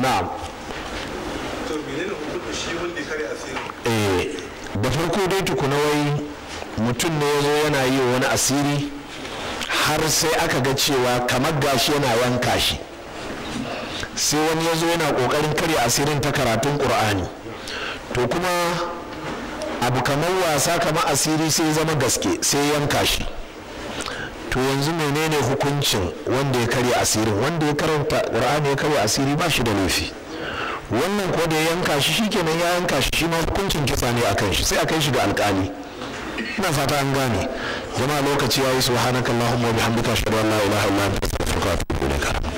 na'am to eh da farko dai tukuna wai mutum ne yazo yana yi wani asiri har sai aka ga cewa kamar gashi yana yanka shi sai wani yazo yana kokarin kare asirin ta karatun qur'ani to kuma abu kamar wasa kamar asiri sai zama gaske sai yanka shi to yanzu menene hukuncin wanda ya karya asirin wanda ya karanta qur'ani ya karya asiri ba shi da laifi wannan ko da ya yanka shi shikenan ya yanka shi shi ma hukuncin kisa ne akan shi sai a kai shi ga alƙali ina fata an gane jama'a lokaci yayi subhanakallahumma wa bihamdika ashhadu an la ilaha illa anta astaghfiruka wa atubu ilayk